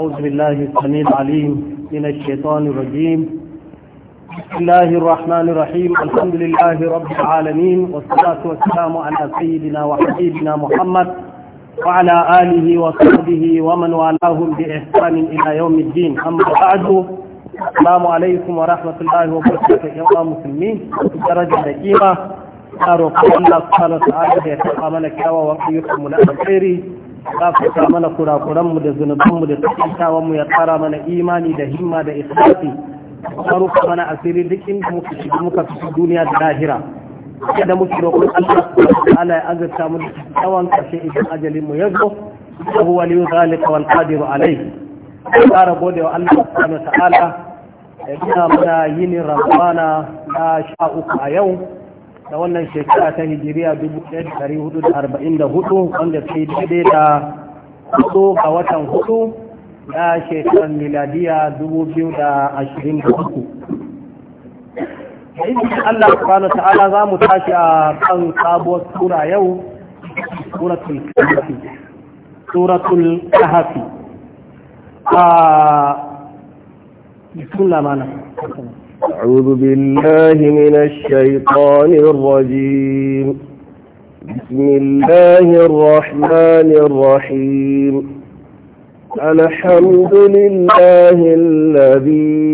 أعوذ بالله السميع العليم من الشيطان الرجيم بسم الله الرحمن الرحيم الحمد لله رب العالمين والصلاة والسلام على سيدنا وحبيبنا محمد وعلى آله وصحبه ومن والاه بإحسان إلى يوم الدين أما بعد السلام عليكم ورحمة الله وبركاته يا مسلمين درجة دقيقة أرقى الله سبحانه وتعالى يتقى ملك ويقيكم من الخير gafarta mana kurakuranmu da zunubanmu da tsakintawanmu ya tsara mana imani da himma da Ka faruka mana asiri duk inda muka shiga muka fito duniya da lahira da muke roƙon Allah ta'ala ya azurta mu tsawon kashe idan ajalin mu yazo abu wali zalika wal qadiru alai tsara gode wa Allah ta'ala ya gina mana yini ramadana na sha'uka a yau da wannan shekara ta hijiriya 1444 wanda sai daidai da hudu a watan hudu na shekarar miladiya 2023 Ibi Allah subhanahu ta'ala za mu tashi a kan sabuwar sura yau suratul kahfi suratul kahafi. a ah, suna mana أعوذ بالله من الشيطان الرجيم بسم الله الرحمن الرحيم الحمد لله الذي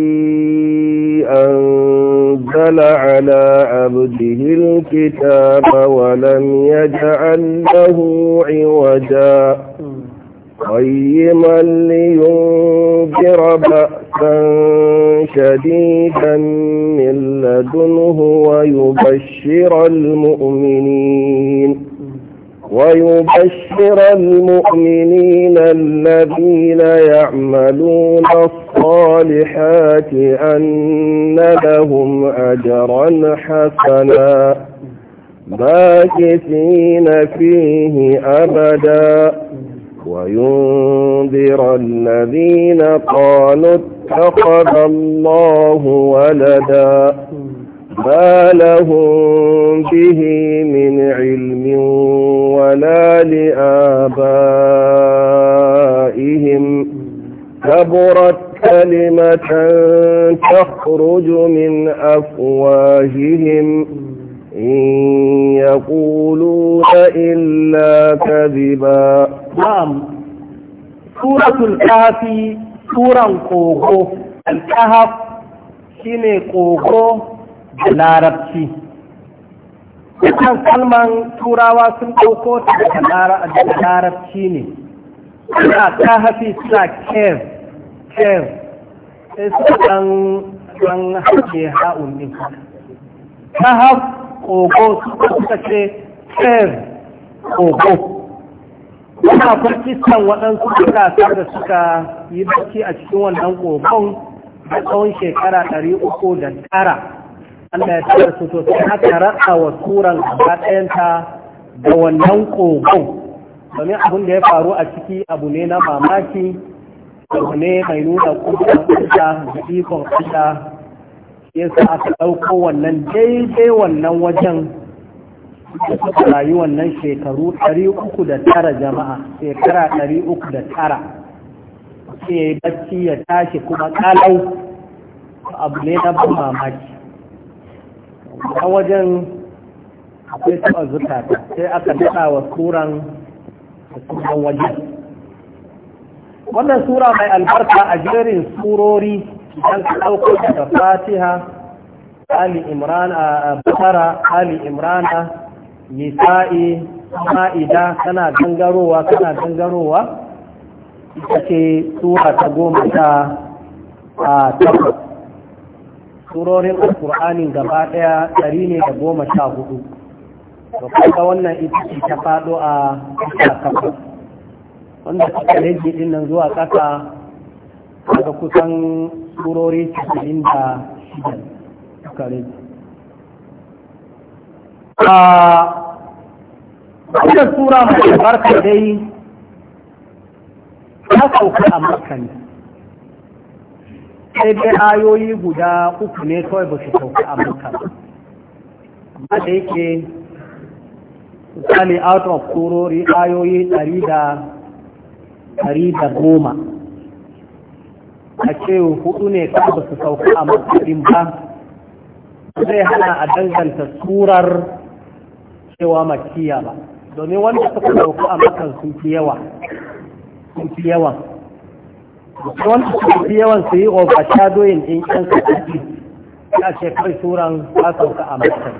أنزل على عبده الكتاب ولم يجعل له عوجاً قيما لينذر بأسا شديدا من لدنه ويبشر المؤمنين ويبشر المؤمنين الذين يعملون الصالحات أن لهم أجرا حسنا باكثين فيه أبداً وينذر الذين قالوا اتخذ الله ولدا ما لهم به من علم ولا لآبائهم كبرت كلمة تخرج من أفواههم إن يقولون إلا كذبا نعم سورة الكهف سورة قوغو الكهف شيني قوغو بالعربي Dukkan kalman turawa sun ɗauko ta daga larabci ne, suna kahafi suna kev, kev, sai suka ɗan haɗe ha'un ɗin. Kahaf kogo suka ce tsir kogo wani waɗansu ƙasar da suka yi baki a cikin wannan kogon da tsawon shekara ɗari uku da tara allah ya tara su to sai aka wa turan gaba ɗayanta da wannan kogon domin abin da ya faru a ciki abu ne na mamaki abu ne mai nuna kudin da ikon allah yasa aka ɗauko wannan daidai wannan wajen suka rayu wannan shekaru 309 jama'a shekara 309 ke bacci ya tashi kuma ƙalau abu ne na ban mamaki a wajen akwai taɓa zukata sai aka daɗa wa turan wajen wannan sura mai albarka a jerin surori idan ka ɗauko da fatiha ali imran a bakara ali imrana nisa'i ma'ida kana gangarowa kana gangarowa ita ce ta goma ta a takwas alkur'ani gaba ɗaya ɗari ne da goma sha hudu da kuma wannan ita ce ta faɗo a takwas wanda suka rage nan zuwa ƙasa daga kusan surori 96 suka rage a wannan sura mai barka dai ta sauka a makani sai dai ayoyi guda uku ne kawai ba su sauka a makani amma da yake misali out of kurori ayoyi ɗari da goma a ce hudu ne kan ba su sauka a matsayin ba zai hana a danganta turar cewa makiya ba domin wanda suka sauka a makan sun fi yawa sun fi yawa wanda suka fi yawan su yi overshadowing in yan kaji ya ce kai suran ba sauka a makan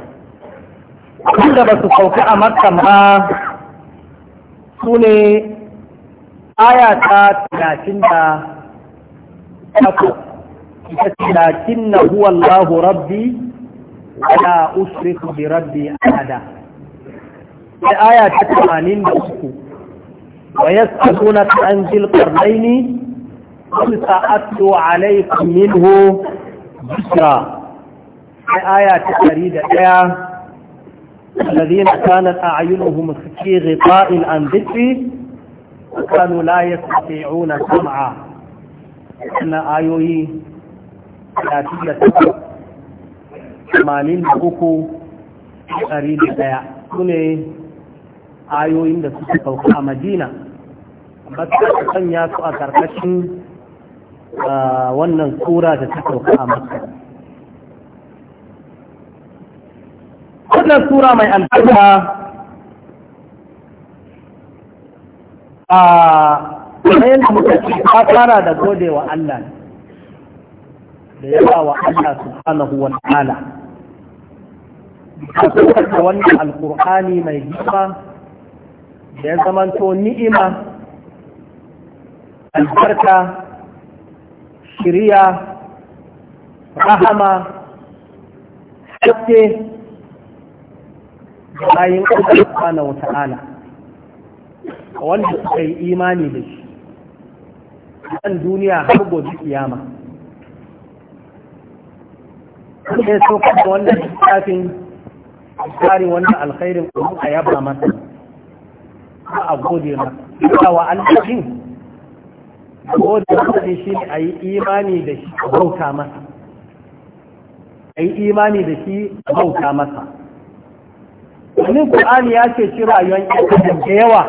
wanda ba su sauka a makan ba su ne aya ta لكن هو الله ربي ولا أشرك بربي أحدا الآية 83 ويسألونك عن ذي القرنين قل سأتلو عليكم منه ذكرا الآية تريد يا الذين كانت أعينهم في غطاء عن ذكري وكانوا لا يستطيعون سمعه na ayoyi 83,100 su ne ayoyin da suka sauka a madina ba su sanya su a karkashin wannan tsura da ta sauka a makar wannan tsura mai albarka a kuma yadda muka ce ta fara da gode wa Allah da yawa wa Allah subhanahu wa ta'ala ka kuka wannan alkur'ani mai girma da ya zamanto ni'ima albarka shiriya rahama haske da bayan Allah subhanahu wa ta'ala wanda suka yi imani da shi kan duniya har gobe kiyama sai so kada wannan littafin tsarin wannan alkhairin kuma a yaba masa ba a gode masa ita wa alkhairin gode masa ne shi ne a yi imani da shi a bauta masa a yi imani da shi a bauta masa wani ƙu'ani ya ce shi rayuwar ƴan da yawa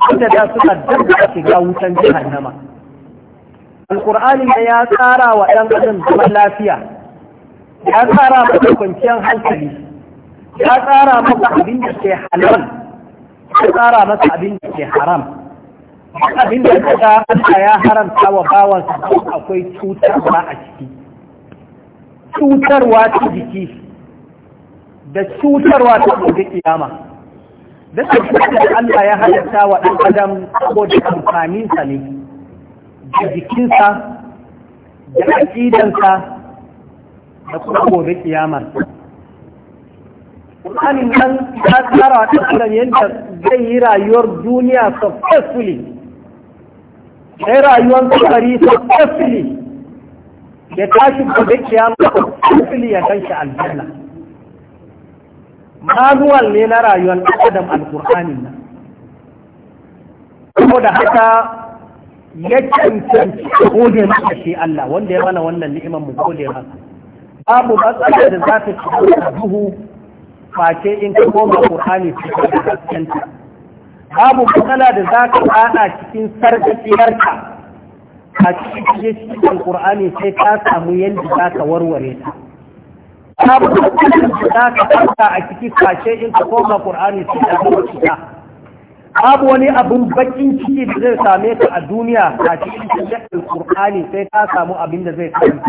wanda da suka ka shiga wutan jahannama alkur'ani da ya tsara wa ɗan adam zaman lafiya ya tsara maka kwanciyar hankali ya tsara maka abin da ke halal ya tsara maka abin da ke haram abin da ka ga Allah ya haramta wa bawansa akwai cutarwa a ciki cutarwa ta jiki da cutarwa ta gobe kiyama don da Allah ya halitta wa ɗan adam ko da amfaninsa ne da jikinsa da aƙidansa da kuma gobe kiyamar Ƙur'anin nan ta tsara wa ɗan yadda zai yi rayuwar duniya successfully sai rayuwar tsari successfully ya tashi gobe kiyamar successfully ya kan shi aljanna manuwal ne na rayuwar adam alkur'anin nan da haka ya cancanci gode maka shi Allah wanda ya mana wannan ni'imar mu gode maka babu matsala da za ta ci da duhu face in ka koma qur'ani cikin da haskenta babu matsala da za ka fada cikin sarkaciyarka a cikin al qur'ani sai ka samu yadda za ka warware ta babu dukkanin da ka ɗauka a ciki kashe in ka koma ƙur'ani su da zama babu wani abin bakin ciki da zai same ka a duniya a cikin shakkin ƙur'ani sai ka samu abin da zai same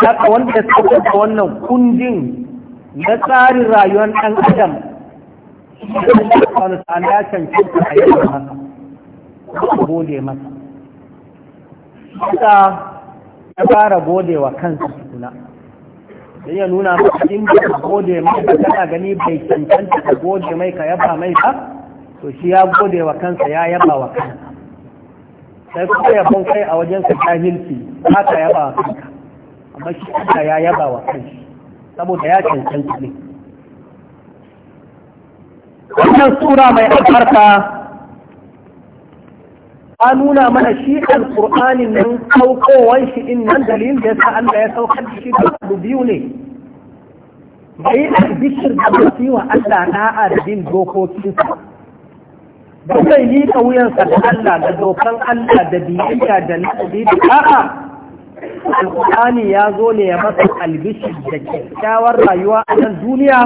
ka wanda ya sauka da wannan kundin na tsarin rayuwar ɗan adam wani ta'ala ya cancanta a yau masa gode masa ya fara gode wa kansa sunna sai ya nuna maka in ka gode mai ka kana gani bai cancanta ka gode mai ka yaba mai ba to shi ya gode wa kansa ya yaba wa kansa sai kuma yabon kai a wajen ka jahilci ba ka yaba wa kanka amma shi kanka ya yaba wa kansa saboda ya cancanta ne wannan sura mai albarka an nuna mana shi alƙur'anin nan saukowan shi din nan dalilin da yasa Allah ya saukar da shi da abu biyu ne bai albishir da basi wa Allah na adabin dokokinsa Ba zai yi ƙauyensa da Allah da dokan Allah da biyayya da nadi da a'a alƙur'ani ya zo ne ya masa albishir da kyakkyawar rayuwa a nan duniya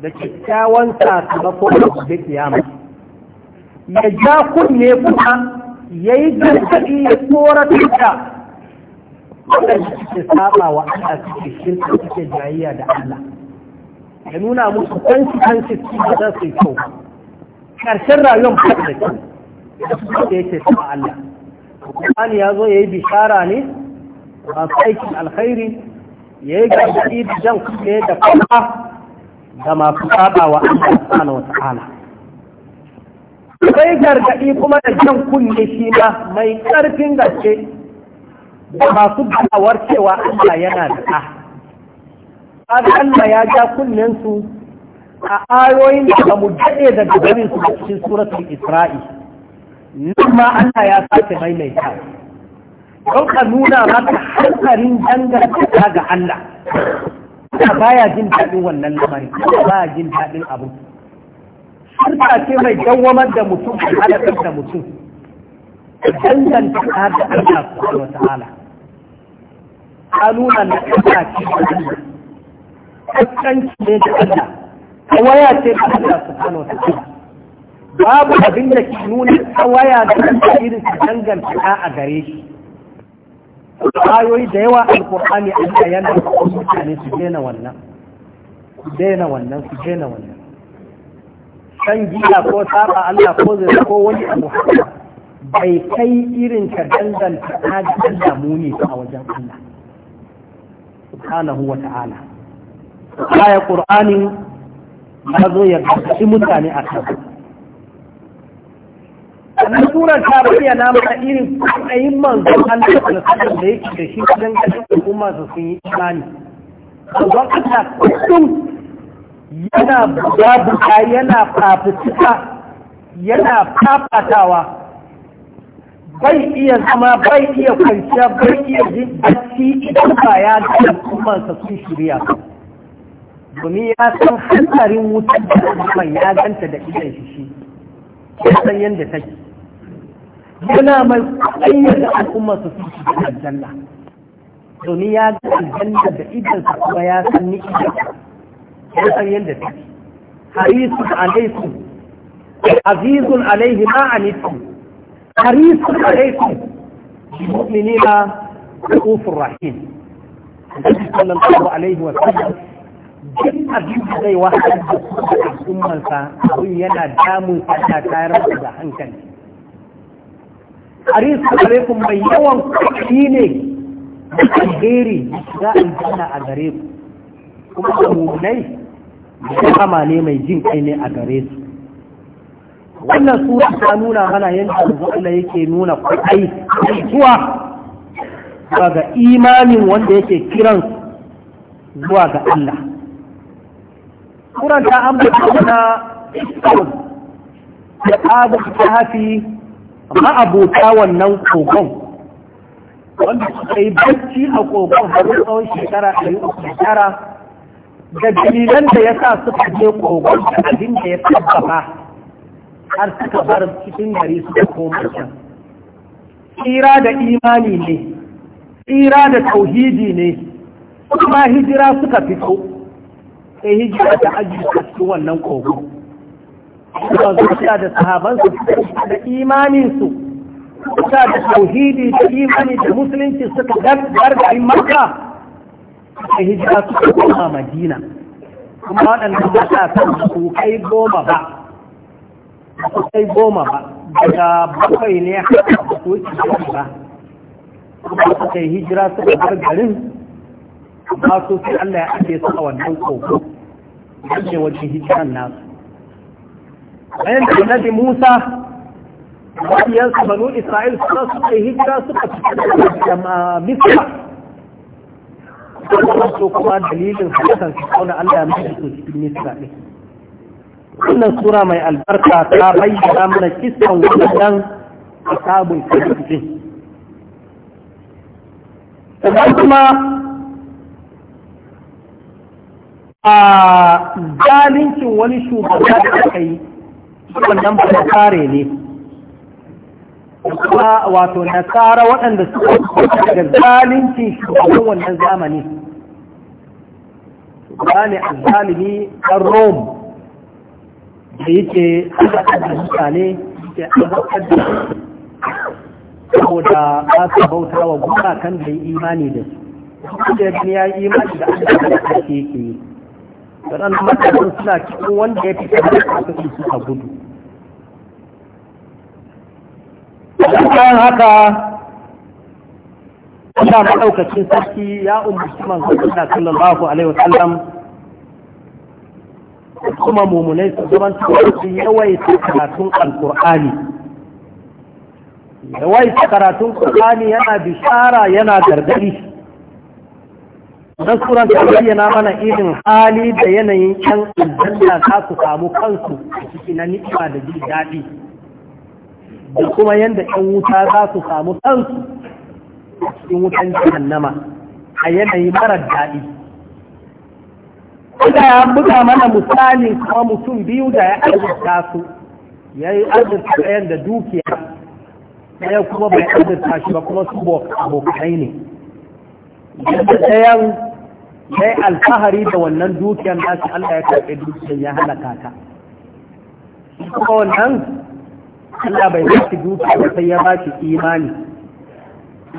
da kyakkyawan sakamako a gobe kiyama ya ja kunne kuma ya yi gargaɗi ya tsoratar da waɗanda suke saba wa Allah suke shirka suke jayayya da Allah ya nuna musu kansu kansu su da za su yi kyau ƙarshen rayuwar kuma da kyau da yake saba Allah Qur'ani ya zo ya yi bishara ne a aikin alkhairi ya yi gargaɗi da jan kuɗe da kuma da masu saba wa Allah subhanahu wa ta'ala Sai gargaɗi kuma da jan kunne shi ma mai ƙarfin gaske da masu da'awar cewa Allah yana da ɗa. Allah ya ja kunnensu a ayoyin da ba mu daɗe da gabarin su cikin suratul Isra'i. Nan ma Allah ya sake maimaita. Don ka nuna maka hankarin dangantaka ga Allah. ba ya jin daɗin wannan lamarin, ya jin daɗin abu. shirka ce mai dawamar da mutum a halakar da mutum danganta ta da Allah subhanahu wa ta'ala nuna na Allah ce da Allah kaskanci ne da Allah kawaya ce da Allah subhanahu wa ta'ala babu abin da ke nuna kawaya da Allah irin su danganta ta a gare shi ayoyi da yawa alkur'ani Allah a da mutane su daina wannan su wannan su daina wannan kan giya ko saba Allah ko zai ko wani abu bai kai irin ka danganta ta ga Allah muni a wajen Allah subhanahu wa ta'ala aya qur'anin ya zo ya gaci mutane a kan wannan surar ta bayyana na mata irin kwaɗayin manzon Allah da sallar da yake da shi wajen gaci al'umma su sun yi imani manzon Allah yana buga yana fafutuka yana fafatawa bai iya zama bai iya kwanciya bai iya jin bacci idan ba ya ga al'ummarsa sun shirya domin ya san hankarin wutar da al'ummar ya ganta da idan shi shi ya san yadda take yana mai kwaɗayyar da al'ummarsa sun shirya aljanna domin ya ga aljanna da idan sa kuma ya san ni idan ya san yadda take harisun alaikum azizun alaihi ma anitum harisun alaikum mu'minina ra'ufur rahim Nabi sallallahu alaihi wa sallam duk abin da zai wahalar da da al'ummarsa abin yana damun sa tayar da hankali harisun alaikum mai yawan kuɗi ne alheri za a yi a gare ku kuma da mummunai kama ne mai jin kai ne a gare su wannan sura ta nuna mana yadda yanzu Allah yake nuna kwai zuwa ga imanin wanda yake kiran zuwa ga Allah Kuranta an ambata na Islam da abu ta hafi ma'abuta wannan kogon wanda suka yi bacci a kogon har tsawon shekara ɗari uku shekara da dalilan da ya sa suka je kogon da abin da ya sabbaba har suka bar cikin gari suka koma can tsira da imani ne tsira da tauhidi ne kuma hijira suka fito sai hijira da ajiye a cikin wannan kogon suka zuciya da sahabansu da imaninsu suka da tauhidi da imani da musulunci suka gargari maka suka hijira suka koma madina kuma waɗannan san su kai goma ba su kai goma ba daga bakwai ne haka su ci ba kuma su kai hijira suka bar garin ba su sai Allah ya ake su a wannan koko, yake wajen hijiran nasu bayan da nabi Musa wajen ba banu Isra'il suka suka hijira suka fita da Misra so kuma dalilin halittar fir'auna Allah ya mashi su cikin misra ɗin wannan sura mai albarka ta bayyana mana kisan wannan asabul kafin sannan kuma a zalincin wani shugaba da aka yi wannan ba kare ne kuma wato nasara waɗanda suka daga zalunci shugaban wannan zamani gane azalimi ɗan rome da yake haɗaɗa da mutane yake alaƙar da saboda ba su bauta wa kan da yi imani da su da ya yi imani da aka da ake yake yi waɗannan matakan suna cikin wanda ya fi kamar da a gudu bayan haka Allah maɗaukacin sarki ya umarci manzo Allah sallallahu alaihi wasallam kuma mumunai su zaman su yawaita karatun alkur'ani yawaita karatun qur'ani yana bishara yana gargadi dan suran ta bayyana mana irin hali da yanayin yan aljanna za su samu kansu a cikin ni'ima da jin daɗi da kuma yadda ‘yan wuta za su samu kansu a cikin wutan nama a yanayi marar daɗi. Kuka ya buga mana misalin kuma mutum biyu da ya arzika su, ya yi azurta ɗayan da dukiya, ɗaya kuma bai azurta shi ba kuma su abokai ne. Yadda ɗayan ya yi alfahari da wannan dukiyar nasu Allah ya karɓi dukiyar ya halaka ta. Kuma wannan Allah bai ba shi dukiya ba sai ya ba shi imani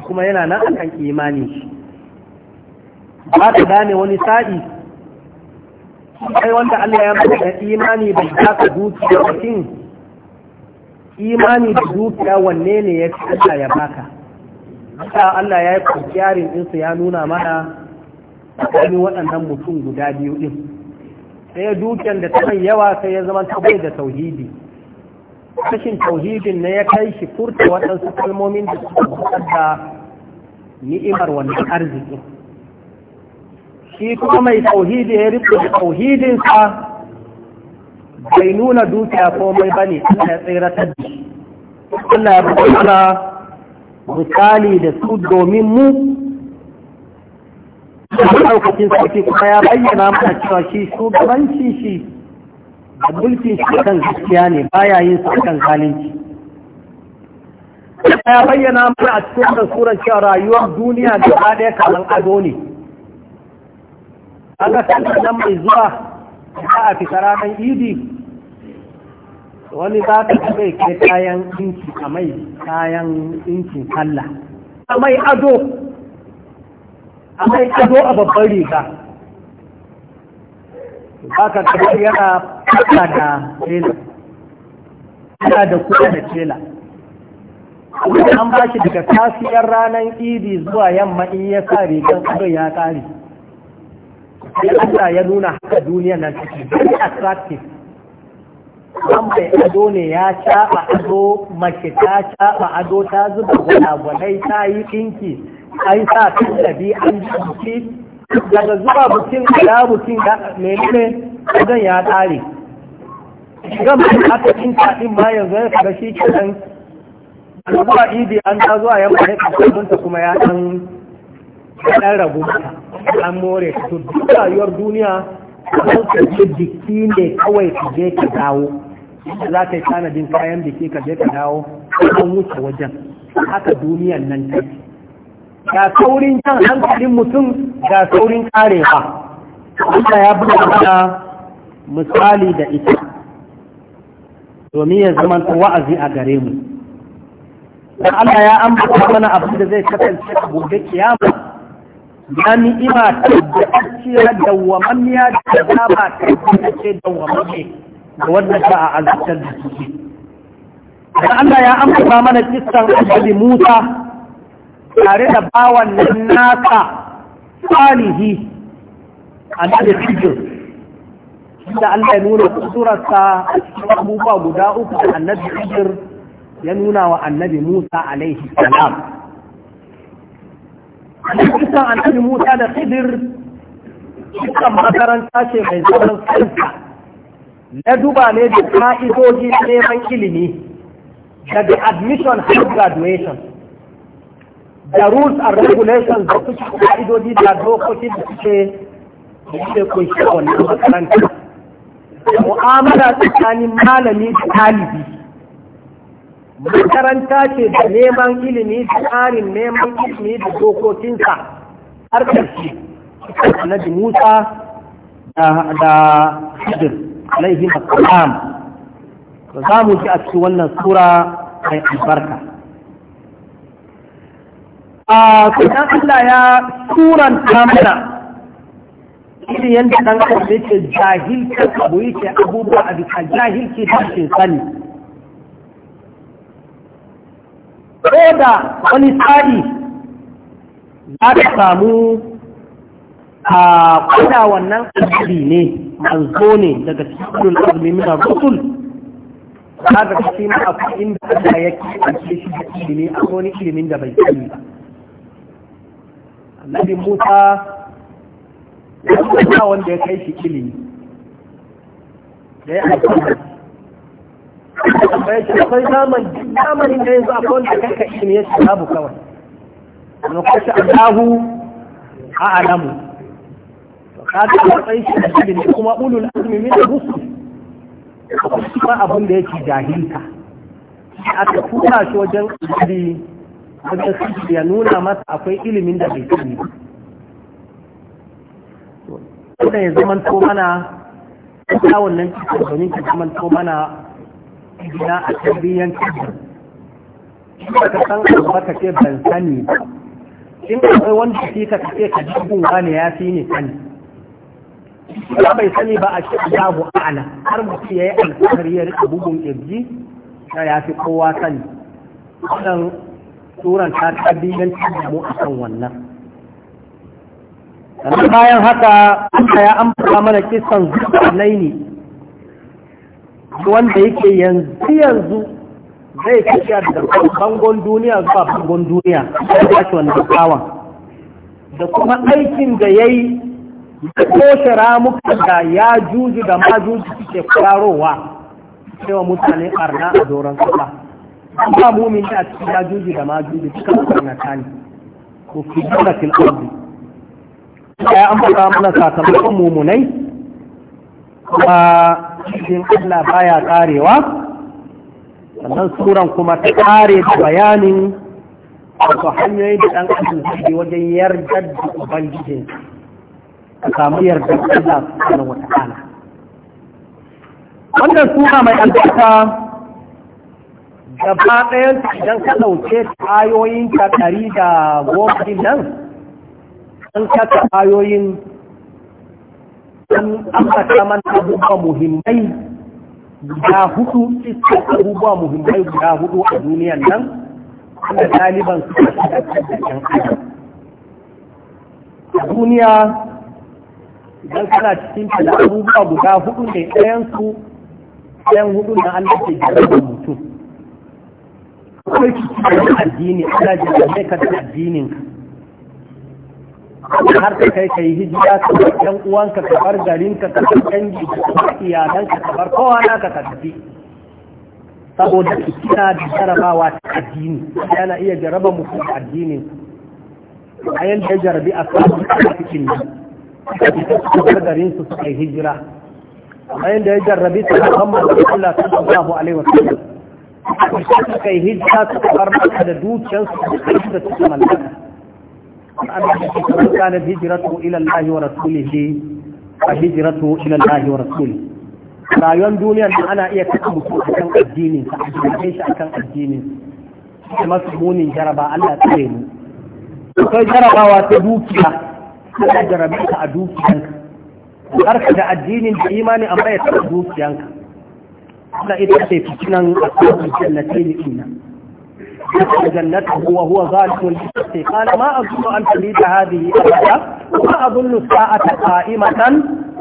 kuma yana nan akan imani ba ta gane wani sa'i Sai wanda Allah ya ba da imani bai ba ka dukiya da imani da dukiya wanne ne ya fi Allah ya baka haka Allah ya yi kwanciyarin insu ya nuna mana wani waɗannan mutum guda biyu ɗin sai dukiyar da ta yawa sai ya zama ta bai da tauhidi rashin tauhidin ne ya kai shi furta waɗansu kalmomin da suka buƙar da ni'imar wannan arziki shi kuma mai tauhidi ya riko da tauhidinsa bai nuna dukiya komai ba ne Allah ya tsira ta ji Allah ya buƙata misali da su domin mu da ɗaukacin sauki kuma ya bayyana mana cewa shi shugabanci shi a mulkin shi kan gaskiya ne baya yin su kan zalunci ya bayyana mana a cikin da surar cewa rayuwar duniya da ɗaya kamar ado ne a ga nan mai zuwa za a fita ranar idi wani za ka kai kayan inci a mai kayan inci kalla? a mai ado a mai ado a babban riga za ka yana haka da tela ina da kuɗi da tela an ba shi daga kasiyar ranar idi zuwa yamma in ya sa rigar abin ya ƙare sai Allah ya nuna haka duniya nan take very attractive an bai ado ne ya caɓa ado mace ta caɓa ado ta zuba gwalagwalai ta yi ɗinki an sa kallabi an ji buki daga zuwa bukin ya bukin da menene wajen ya ƙare gama aka cin taɗin ma yanzu ya kaga shi ke nan zuwa idi an ta zuwa yamma ne kasabinta kuma ya ɗan ɗan rabu an more to duk rayuwar duniya kan ka je biki ne kawai ka je ka dawo za ka yi tanadin kayan biki ka je ka dawo an wuce wajen haka duniyan nan ta ga saurin kan hankalin mutum ga saurin karewa Allah ya buga mana misali da ita domin ya zama wa'azi a gare mu Allah ya ambata mana abin da zai kasance a gobe kiyama ya ni'ima tabbatacciya dawwamammiya da azaba tabbatacce dawwamamme da wannan ba a azabtar da su da Allah ya ambata mana kissan Annabi Musa tare da bawan nan nasa salihi Annabi Khidir da Allah ya nuna surarsa a cikin abubuwa guda uku da annabi Hijir ya nuna wa annabi Musa alaihi salam. Kusan annabi Musa da Hijir cikin makaranta ce mai zaman kansa na duba ne da ka'idoji neman ilimi daga admission har graduation da rules and regulations da suke ka'idoji da dokokin da suke da suke kunshi a wannan makaranta. da mu'amala tsakanin malami da talibi makaranta ce da neman ilimi da tsarin neman ilimi da dokokinsa har ƙarshe annabi musa da hijir alaihi makalam za mu ji a cikin wannan sura mai albarka a kusan allah ya turanta mana irin yadda ɗan kwanne yake jahilcin abu yake abubuwa a bisa jahilci ce sani ko da wani tsari za ka samu a kwada wannan alhari ne manzo ne daga cikin azumi mina rusul ta da kashi na da inda yi ya ake shi da ilimi a wani ilimin da bai sani ba Annabi Musa ba wanda ya kai shi ilimi da ya aiki bai shi akwai zamani zamanin da yanzu akwai wanda kanka ilimi ya ce babu kawai wani kwashi allahu a alamu kaga a matsayin shi da ilimi kuma ulul azumi min rusul kuma abin da yake jahilta ta tura shi wajen kudi wajen ya nuna masa akwai ilimin da bai sani ba wanda ya zaman to mana ta wannan cikin domin ka zaman to mana gina a tarbiyyan cikin ba ka san abu ka ce ban sani ba in akwai wanda shi ka ce ka jibin wani ya fi ni sani ba bai sani ba a shi Allahu a'ala har mutum yayi alfahari ya rika bugun kirji na ya fi kowa sani wannan turanta ta tarbiyyan cikin mu akan wannan sannan bayan haka Allah ya amfana mana kisan zuwanaini wanda yake yanzu yanzu zai kashiya da bangon duniya zuwa bangon duniya da ake wannan kawon da kuma aikin da ya yi da koshe ramuka da ya juji da majuju suke kwararowa cewa mutane arna a doron kasa ba mumin da a cikin ya juji da majuju suka karnata ne ko fi jona fil ya ambata mana sakamakon mumunai kuma cikin Allah baya karewa sannan suran kuma ta kare da bayanin wasu hanyoyi da ɗan adam suke wajen yardar da ubangijin a samu yardar Allah wata wata'ala wannan suna mai albarka gaba ɗayan idan ka ɗauke ta ayoyin ka ɗari da goma nan an kasa ayoyin an ambata mana abubuwa muhimmai guda hudu cikin abubuwa muhimmai guda hudu a duniyan nan wanda ɗaliban suka da cikin adam a duniya idan kana cikin ta da abubuwa guda hudu ne ɗayan su ɗayan hudu na Allah ke da mutum akwai cikin addini Allah jarabar ka da addininka har ka kai ka yi hijira ka ɗan uwanka ka bar garinka ka bar dangi ka bar iyalanka ka bar kowa na ka tafi saboda kina da jarabawa ta addini yana iya jaraba mutum da addinin a yanda ya jarabi a a cikin ne ka bar garin su kai yi hijira a yanda ya jarabi su ka kama da Allah sallallahu alaihi wasallam ka yi hijira suka bar maka da su da cikin mallaka فقد كانت هجرته الى الله ورسوله فهجرته الى الله ورسوله rayuwar duniyar da ana iya kasa a kan addinin ka a a kan addinin masu munin jaraba Allah mu akwai jarabawa ta dukiya Allah jarabe ka a dukiyanka karka da addinin da imani amma ya dukiyanka Allah ita ce fitinan a cikin jannatai ne ina. جنته وهو ظالم للشخص قال ما أظن أن تميد هذه أبدا ما أظن الساعة قائمة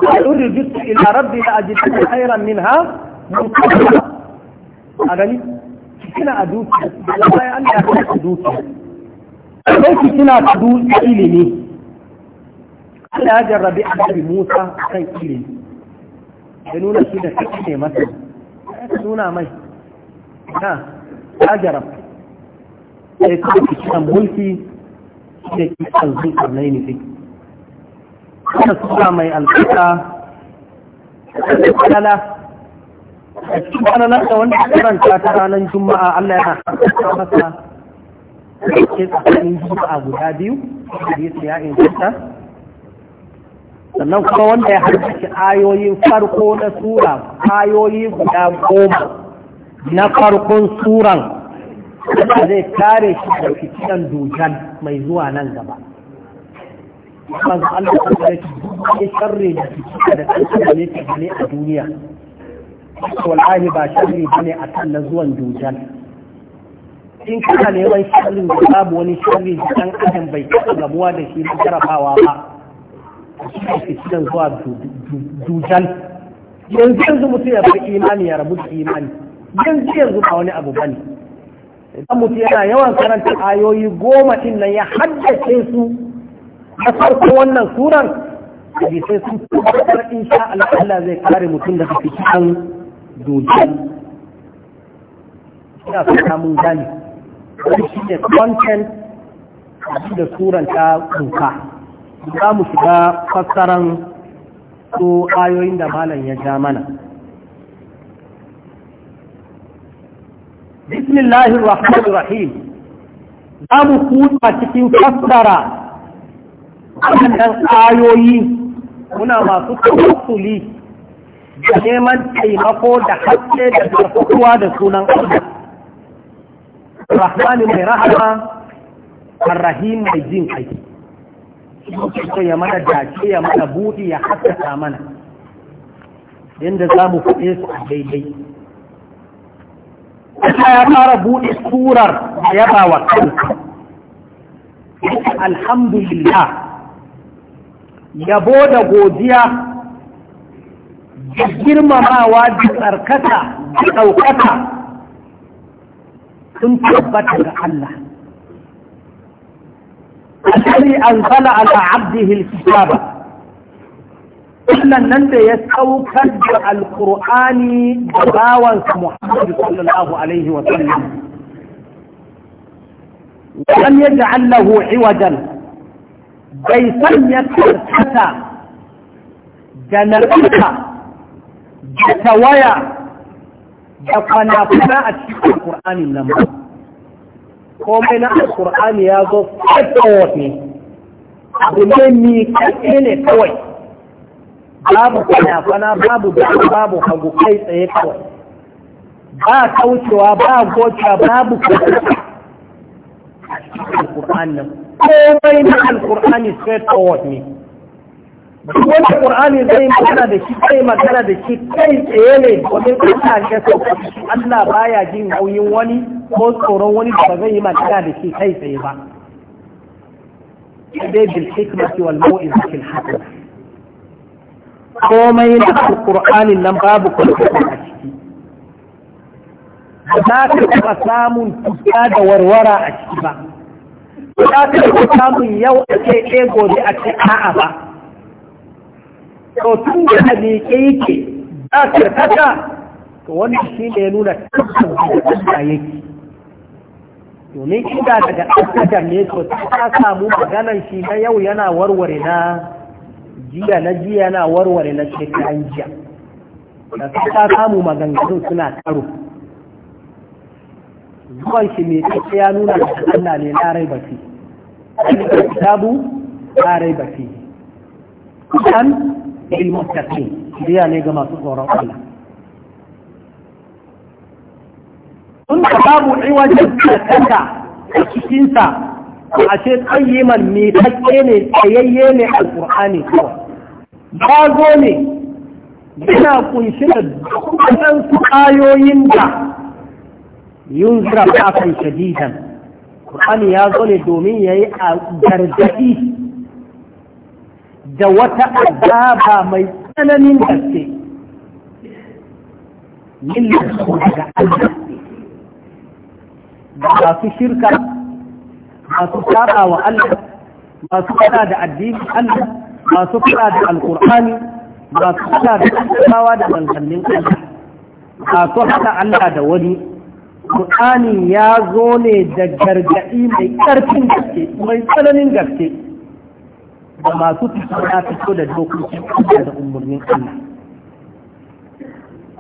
قال رجعت إلى ربي لأجد خيرا منها منقبلة أغني كنا أدوك لا أن أدوك أبيك كنا تدول إلمي قال هذا الربيع أبي موسى كان إلمي بنونا كده كده مثلا بنونا مي ها أجرب sai kuma kisan mulki da kisan zulkar na yin fi kada sura mai alfita da kala a cikin kwanan da wanda karanta ta ranar juma'a allah yana haskaka masa ke tsakanin juma'a guda biyu da ya tsaya inganta sannan kuma wanda ya harkaci ayoyin farko na sura ayoyi guda goma na farkon suran Allah zai kare shi da fitinan dujan mai zuwa nan gaba manzo Allah ta kare shi ya sharri da fitina da da ne ta ne a duniya wal'ahi ba sharri ne a kan na zuwan dujan. in kana neman sharri da babu wani sharri da dan adam bai kasa gamuwa da shi na jarabawa ba a fitinan zuwa dujan. yanzu yanzu mutum ya fi imani ya rabu da imani yanzu yanzu ba wani abu ba ne. idan mutum yana yawan karanta ayoyi goma din nan ya haddace su na farko wannan suran hadisai sun tabbatar insha Allah Allah zai kare mutum daga fitinan dujal ina fata mun gani wani shi ne content da suran ta kuka za mu shiga fassaran su ayoyin da malam ya ja mana بسم الله الرحمن الرحيم mu kuta cikin fassara wannan ayoyi muna masu tawassuli da neman taimako da haske da karfafuwa da sunan Allah rahmanin mai rahama arrahim mai jin kai so ya mana dace ya mana buɗi ya haskaka mana yanda zamu mu su a daidai Allah ya fara buɗe surar da ya ba wa kansa alhamdulillah yabo da godiya da girmamawa da tsarkata da ɗaukata sun tabbata ga Allah الذي أنزل على عبده الكتاب Allah nan da ya saukar da alkur'ani da bawansa Muhammadu sallallahu alaihi wa sallam lam yaj'al lahu iwajan bai sanya karkata da narkata da tawaya da kwanakwana a cikin alkur'anin nan ba komai na alkur'ani ya zo fata ne abu ne mi ne kawai babu kwana babu dama babu hagu kai tsaye kawai ba kaucewa ba gocewa babu kwana a cikin Ko nan na alkur'ani straight forward ne wani ƙur'ani zai magana da shi kai magana da shi kai tsaye ne domin Allah ya sauka Allah baya jin nauyin wani ko tsoron wani da ba zai yi magana da shi kai tsaye ba dai bil hikmati wal mau'izati al hasana komai na alƙur'anin nan babu kwalkwata a ciki ba za ka taɓa samun tuka da warwara a ciki ba ba za ka taɓa samun yau a ce ɗaya eh, gobe a ce a'a ba to tun da a miƙe yake za ka taɓa to wani shi ne nuna tabbas da Allah yake domin inda daga ɗan adam ne to ta samu maganan shi na yau yana warware na jiya na jiya na warware na an jiya da ta samu maganganun suna karo zuwan shi mai tafiya ya nuna da Allah ne na rai bafi kitabu na rai bafi kusan ilmuttaqin jiya ne ga masu tsoron Allah sun ka babu iwajen kanta a cikinsa a ce ƙayyiman mai tafiye ne tsayayye ne a alƙur'ani kawai bazo ne yana kunshi da dukkan su ayoyin da yunzira ba kan shadidan Qur'ani ya zo ne domin ya yi a gargadi da wata azaba mai tsananin gaske min daga Allah Masu shirka masu saba wa Allah masu fada da addinin Allah masu fada da alkur'ani masu fada da kasawa da manzannin Allah masu haɗa Allah da wani Qur'ani ya zo ne da gargaɗi mai ƙarfin gaske mai tsananin gaske da masu fita fito da dokokin Allah da umarnin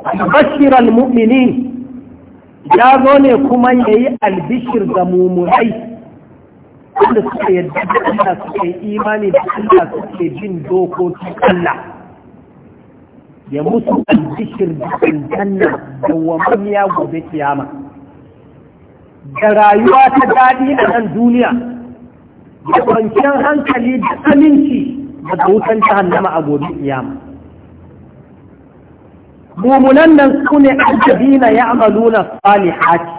Allah al-Mu'mini ya zo ne kuma yayi albishir ga mumunai wanda suke yadda da Allah suke imani da Allah suke jin dokokin Allah ya musu albishir da aljanna da ya gobe kiyama da rayuwa ta daɗi a nan duniya da kwanciyar hankali da aminci daga wutan jahannama a gobe kiyama mumunan nan su ne aljabi na ya amaluna salihati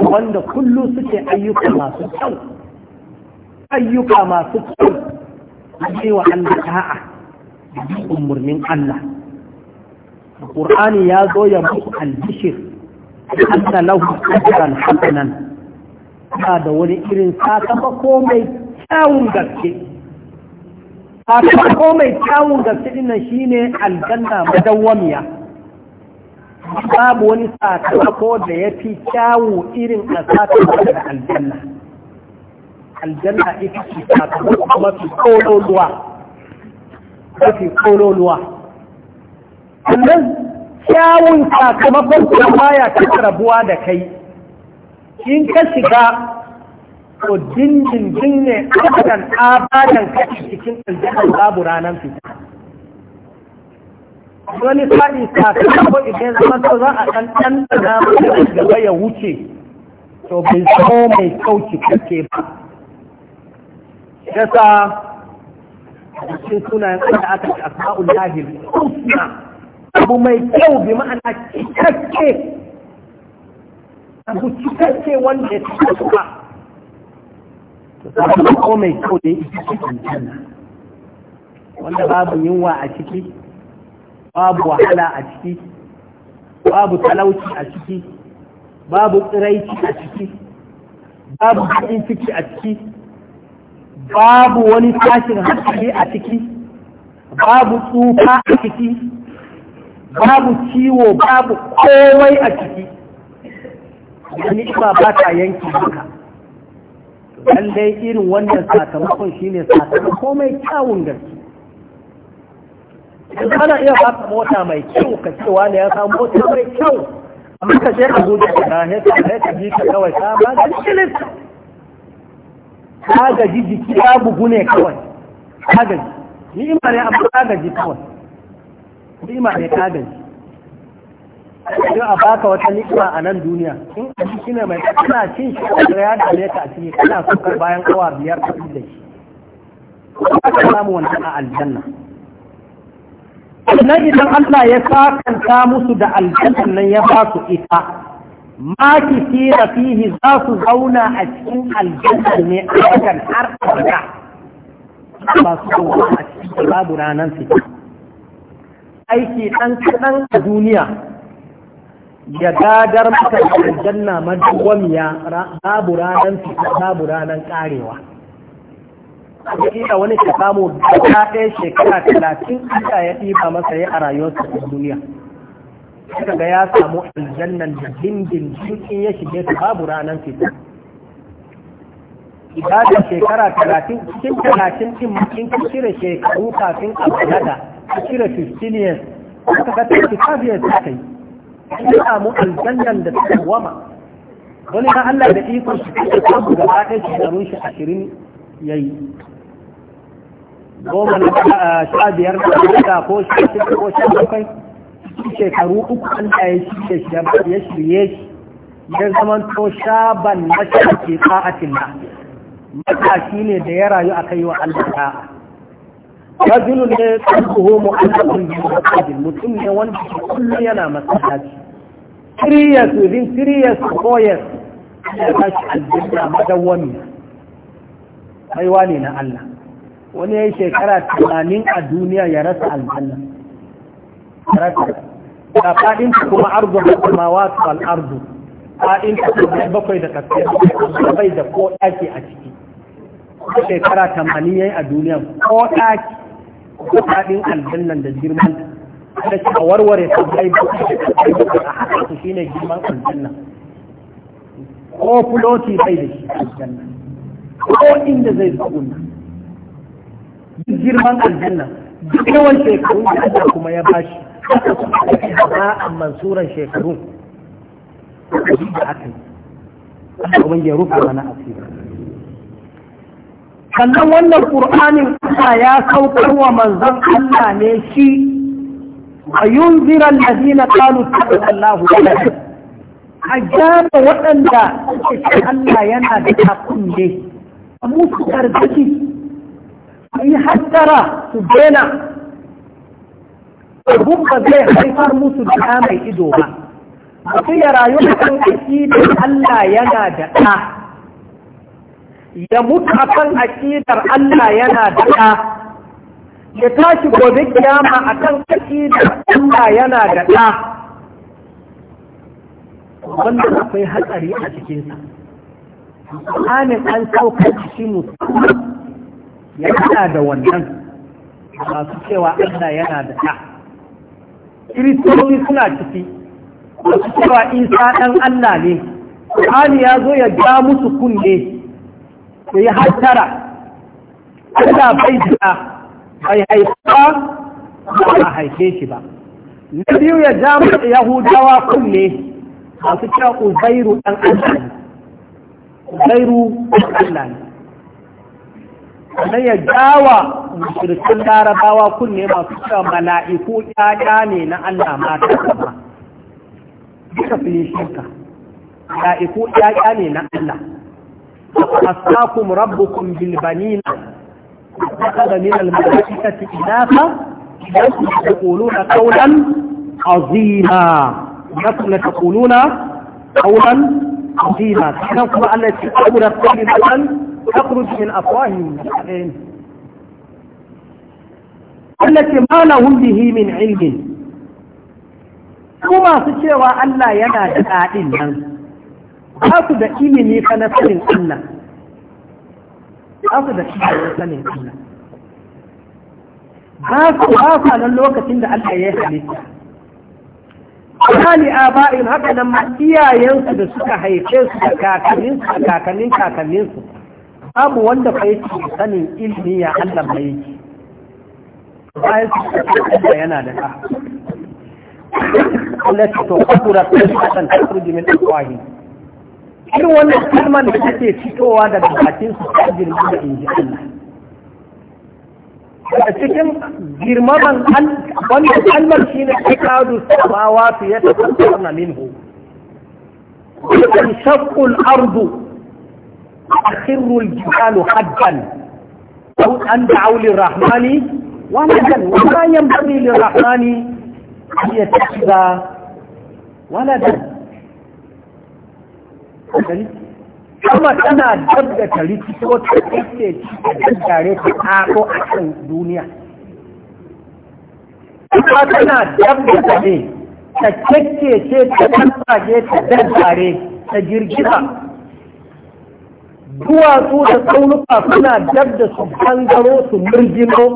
wanda kullu suke ayyuka masu kyau ayyuka masu kyau a wa Allah ta'a da umurnin Allah Qur'ani ya zo ya muku albishir anna lahu ajran hasanan ba da wani irin sakamako mai kyawun gaske sakamako mai kyawun gaske dinnan shine aljanna madawwamiya babu wani sakamako da ya fi kyawu irin a sakamako daga aljanna aljanna ita ce sakamako mafi kololuwa mafi kololuwa sannan kyawun sakamakon kuma baya ta rabuwa da kai in ka shiga to dindindin ne abadan abadan kai cikin aljanna babu ranar fita wani fadi sakamakon idan zama ta za a ɗan ɗan da gaba ya wuce to bai zama mai kauci kake ba Ya sa a cikin sunayen da aka ci sa'un lahir kusa abu mai kyau bi ma'ana cikakke abu cikakke wanda ya ci suka sakamako mai kyau da ya isa cikin wanda babu yunwa a ciki babu wahala a ciki babu talauci a ciki babu tsiraici a ciki babu haɗin ciki a ciki babu wani tashin hankali a ciki babu tsufa a ciki babu ciwo babu komai a ciki wani ima ba ta yanki duka lallai irin wannan sakamakon shine sakamakon mai kyawun gaske yanzu ana iya baka mota mai kyau ka ce wani ya samu mota mai kyau amma ka je abuja ka na hesa da ta ji ka kawai ta ba da shilin ka gaji jiki ya bugu ne kawai ta gaji ima ne abu ta gaji kawai ima ne ta gaji Idan a baka wata ni'ima a nan duniya in a ji shine mai kana cin shi a ya dame ka a ciki kana sukar bayan awa biyar ka da shi ka samu wani a aljanna sannan idan Allah ya sakanta musu da aljannan nan ya ba su ita maki kira fihi za su zauna a cikin aljannan ne a wajen har abada ba su zauna a cikin babu ranar fita aiki ɗan kaɗan a duniya ya gadar maka aljanna madawwamiya babu ranar fita babu ranar ƙarewa da wani ta samu ta ɗaya shekara talatin Allah ya ɗiba masa ya a rayuwarsa a duniya suka ga ya samu aljannan da dindin cikin ya shige ta babu ranar fita ibada shekara talatin cikin talatin din makin ka cire shekaru kafin a balaga ka cire 15 suka ga tafi kafiyar ta yi ya samu aljannan da ta wama wani na Allah da ikon shi ta buga gaba ɗaya shekarun shi ashirin ya yi goma na sha ah, biyar da ko sha shida ko shi bakwai shekaru uku an da ya shirye shi ya shirye shi ya zama to sha ban na a ta'atin na matashi ne da ya rayu a kai wa Allah ta'a rajulun ne tsankuhu mu'allaqun bi masajid mutum ne wanda kullum yana masallaci three years within three years four years ya tashi aljanna madawwami baiwa ne na Allah wani ya yi shekara tunanin a duniya ya rasa aljanna da faɗinta kuma arzu da kuma wasu al'arzu ta kuma bakwai da kasar bai da ko ɗaki a ciki shekara tamanin yayi a duniya ko ɗaki ko faɗin aljannan da girman da ke warware ta bai bakwai a haka su shine girman aljanna ko fuloti bai da shi aljanna ko inda zai tsaguna duk girman aljanna duk yawan shekaru da Allah kuma ya bashi haka kuma ake ba a mansuran shekaru da aka yi Allah ya rufe mana asiri sannan wannan qur'anin kuma ya saukar wa manzon Allah ne shi a yunzira alladhina qalu sallallahu alaihi a gyara waɗanda suke Allah yana da hakun ne musu karfafi a yi hattara su dena abun ba zai haifar musu da mai ido ba mutum ya rayu da Allah yana da ɗa ya mutu a kan aƙidar Allah yana da ɗa ya tashi gobe kiyama a kan aƙidar Allah yana da ɗa wannan akwai hatsari a cikinsa Qur'anin an sauka da shi ya da wannan masu cewa Allah yana da ta. Kiristoci suna ciki masu cewa Isa ɗan Allah ne, Qur'ani ya zo ya ja musu kunne ya yi hattara. Allah bai da bai haifa ba a haife shi ba. Na biyu ya ja Yahudawa kunne masu cewa Uzairu ɗan Allah ne. gairu Allah ne sannan ya gawa musulcin larabawa kunne masu cewa mala'iku ƴaƴa ne na Allah mata kuma duka filishika mala'iku ƴaƴa ne na Allah a asakum rabbukum bil banina akhadha min al malaikati inatha yaquluna qawlan azima yaquluna qawlan عظيما كان كما التي أمرت كلمة تخرج من أفواههم التي ما لهم به من علم kuma su cewa Allah yana da daɗin nan ba su da ilimi fa sanin Allah ba su da ilimi sanin Allah ba su ba nan lokacin da Allah ya halitta Kali aba'in haka nan ma iyayensu da suka haife su da kakanninsu da kakannin kakanninsu. Abu wanda fa yake sanin ilmi ya Allah mai yake. Bayan su da yana da ɗa. Allah ce to kudura ta san ta kurji min akwahi. Irin wannan kalmar da take fitowa daga bakin su ta jirgin da inji Allah. daga cikin girmaman wannan kalmar shi ne kadu samawa su ya tafi na minhu kan shakkul ardu akhirul jibalu haddan aw an da'u lirrahmani wa madan wa ma yanbaghi lirrahmani an yattakhidha waladan kuma tana dabda da ta rikito ta kake da tare ta ƙaƙo a kan duniya kuma tana dabda ta ne ta kake ce ta tsaje ta daddare ta girgiza duwatsu da tsaunuka suna dabda su gangaro su murgino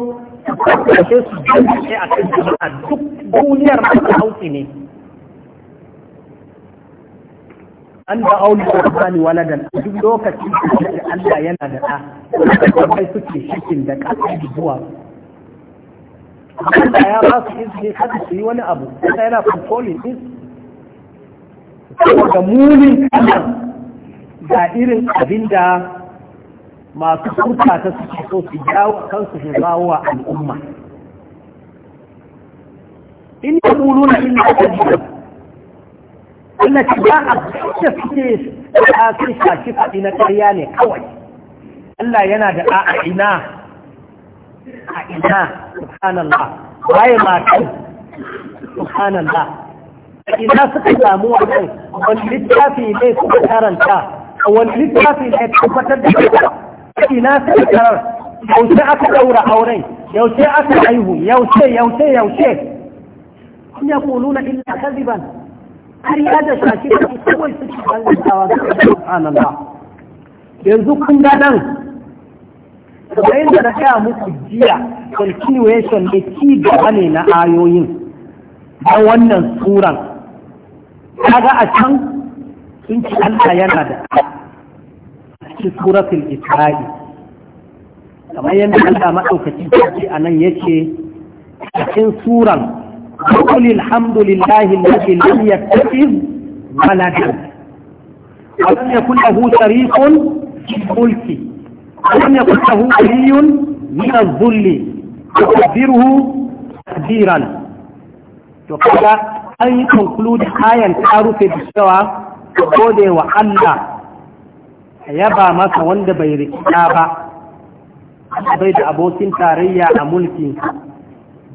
su kashe su jirgin a kan jama'a duk duniyar masu hauki ne an da auli rahmani waladan duk lokacin da Allah yana da ɗa kai suke shikin da ƙasa zuwa Allah ya ba su izini kada su yi wani abu sai yana controlling din da mulin kallon ga irin abin da masu kurta ta suke so su jawo kansu su zawo wa al'umma in da muluna illa kadiba التي باء تفتيش آخر شاكفة إن كرياني قوي ألا ينادى أعنا آه، أعنا سبحان الله غير ما كان سبحان الله إذا سكت موعدا واللتافي ليس كرنتا واللتافي ليس كرنتا ina sai karar yaushe aka daura auren yaushe aka haihu yaushe yaushe yaushe kun ya kuluna illa kadiban ƙarya da shashi kawai suke da yanzu kun ga nan da na gaya muku jiya continuation ne ci gaba ne na ayoyin a wannan suran kaga a can sun ci Allah yana da A cikin suratul isra'i kamar yadda Allah maɗaukaci ce a nan yake cikin suran وقل الحمد لله الذي لم يتخذ ولدا ولم يكن له شريك في الملك ولم يكن له ولي من الذل تقدره تقديرا وقال أن conclude آية تعرف بالسوى gode wa Allah yaba masa wanda bai rikita ba bai da abokin tarayya a mulkinsa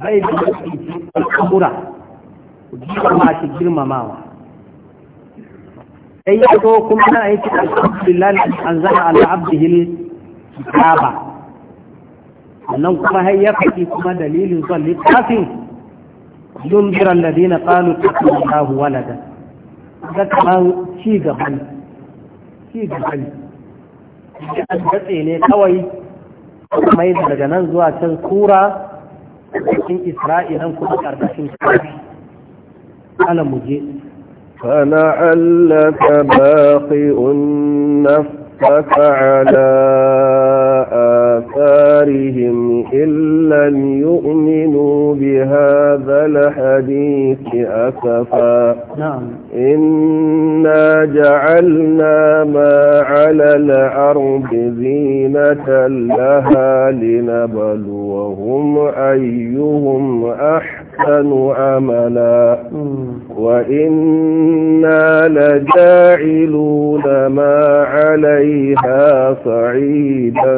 bai da mafi al'amura ku shi girmamawa sai ya zo kuma na yi cikin alhamdulillah an zana ala kitaba sannan kuma har ya faɗi kuma dalilin zuwan littafin yunziran ladina qalu taqallahu walada ga kaman ci gaban ci gaban da an datse ne kawai mai daga nan zuwa can kura cikin إسرائيل kuma ƙarƙashin kafi ala muje فلعلك باقئ نفسك على آثارهم إن لم يؤمنوا بهذا الحديث أسفا نعم إنا جعلنا ما على الأرض زينة لها لنبل أيهم أحسن أملا وإنا لجاعلون ما عليها صعيدا